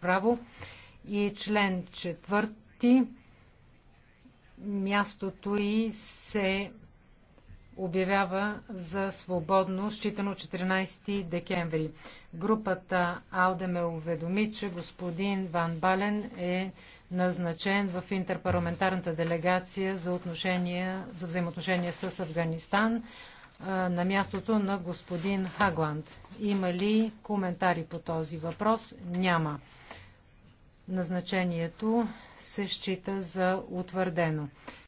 право и член четвърти мястото и се обявява за свободно, считано 14 декември. Групата Алде ме уведоми, че господин Ван Бален е назначен в интерпарламентарната делегация за, отношения, за взаимоотношения с Афганистан на мястото на господин Хагланд. Има ли коментари по този въпрос? Няма. Назначението се счита за утвърдено.